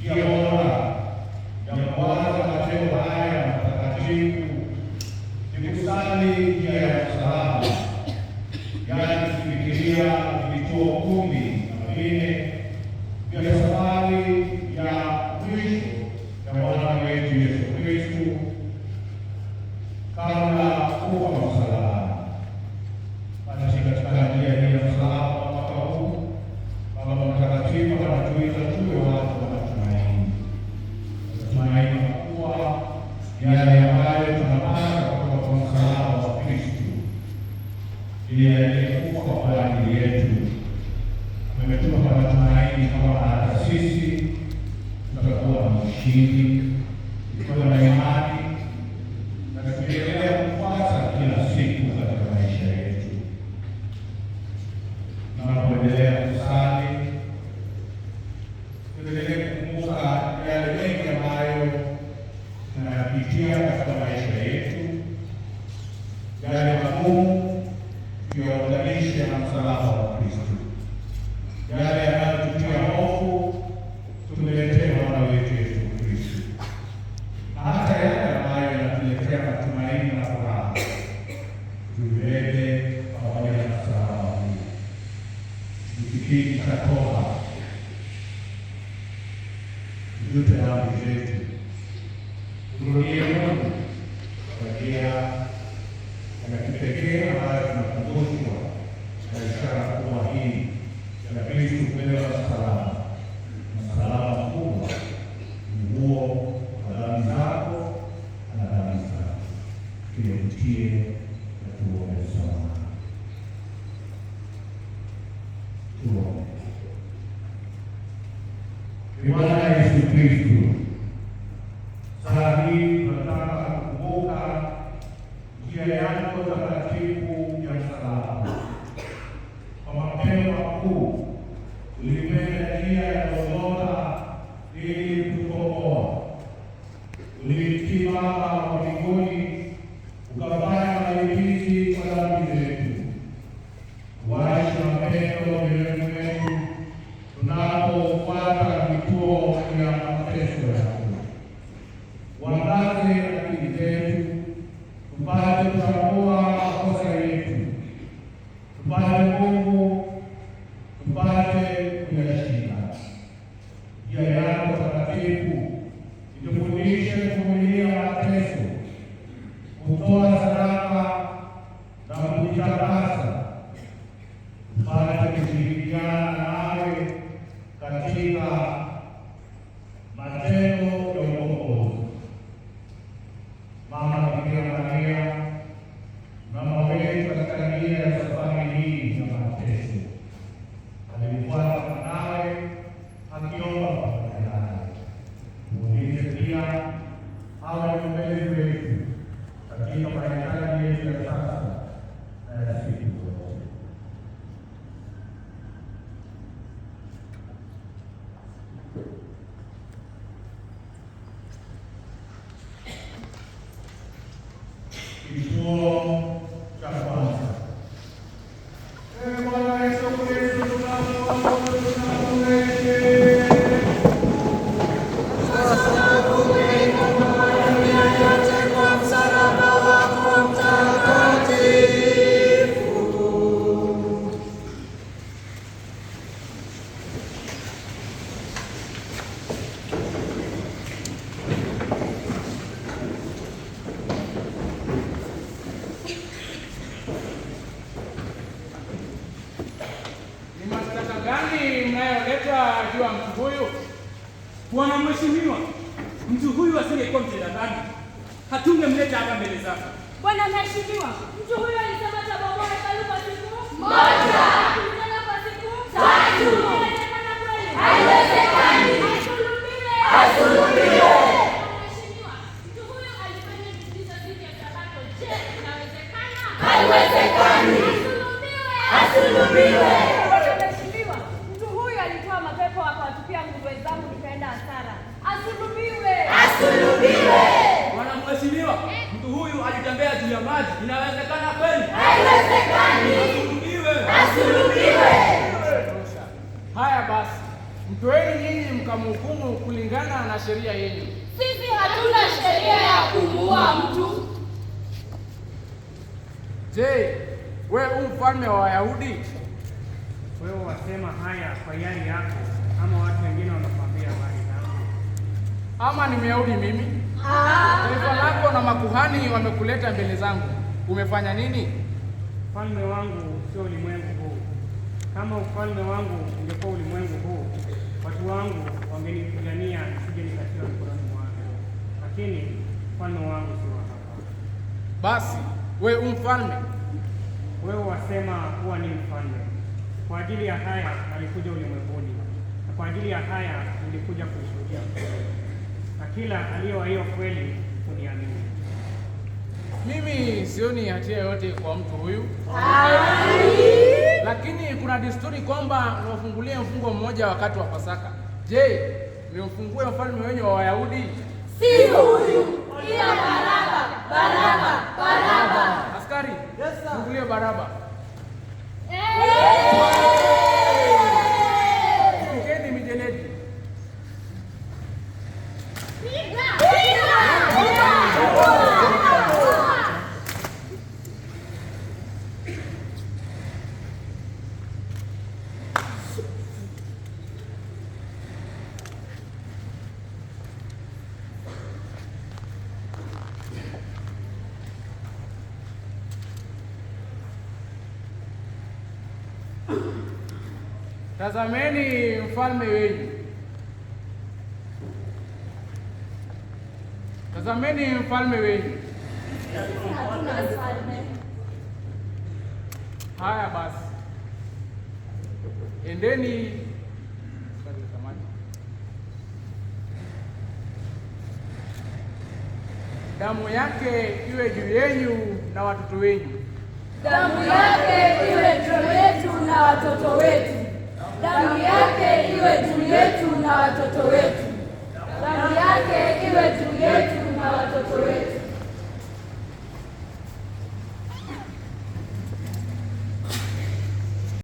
njia bora kwa ushindi, ikiwa na imani na kuendelea kufuata kila siku katika maisha yetu. Tunapoendelea kusali, tuendelee kukumbuka yale mengi ambayo tunayapitia katika maisha juu ya dhambi zetu. Mrudie Mungu kwa njia ya kipekee ambayo tunakumbushwa na ishara kubwa hii, na lakini tupewa salama E Bwana Yesu Kristo. Saa hii tunataka kukumbuka njia yako takatifu e msalaba. Kayla wa mtu huyu? Bwana mheshimiwa, mtu huyu asingekuwa mtenda dhambi, hatungemleta hapa mbele zako. Bwana mheshimiwa, mtu huyu alisema tabomora kwa siku moja, kwa siku tatu. pia nguruwe zangu nikaenda hasara. Asulubiwe, asulubiwe. Bwana Mheshimiwa, mtu huyu alitembea juu ya maji, inawezekana kweli? Haiwezekani. Asulubiwe, asulubiwe. Haya basi, mtoeni nyinyi mkamhukumu kulingana na sheria yenu. Sisi hatuna sheria ya kumuua mtu. Je, we u mfalme wa Wayahudi? wewe wasema haya kwa yari yako, ama watu wengine wanakwambia habari zangu? Ama nimeaudi mimi? Ah. Taifa lako na makuhani wamekuleta mbele zangu, umefanya nini? Ufalme wangu sio ulimwengu huu. Kama ufalme wangu ungekuwa ulimwengu huu, watu wangu wangenipigania nisije nikatiwa mikononi mwake, lakini ufalme wangu sio hapa. Basi we umfalme? Wewe wasema kuwa ni mfalme kwa ajili ya haya alikuja ulimwenguni, na kwa ajili ya haya nilikuja kushuhudia kweli, na kila aliyowahiyo kweli uniamini. Mimi sioni hatia yoyote kwa mtu huyu, lakini kuna desturi kwamba niwafungulie mfungo mmoja wakati wa Pasaka. Je, niufungue mfalme wenye wa Wayahudi? Si huyu ila Baraba. Baraba, Baraba. Askari, yes, fungulie Baraba. Hey! tazameni mfalme wenu, tazameni mfalme wenu. Haya basi, endeni damu yake iwe juu yenu na watoto wenu, damu yake iwe juu yetu na watoto wetu. Damu yake iwe juu yetu na watoto wetu. Damu yake iwe juu yetu na watoto wetu.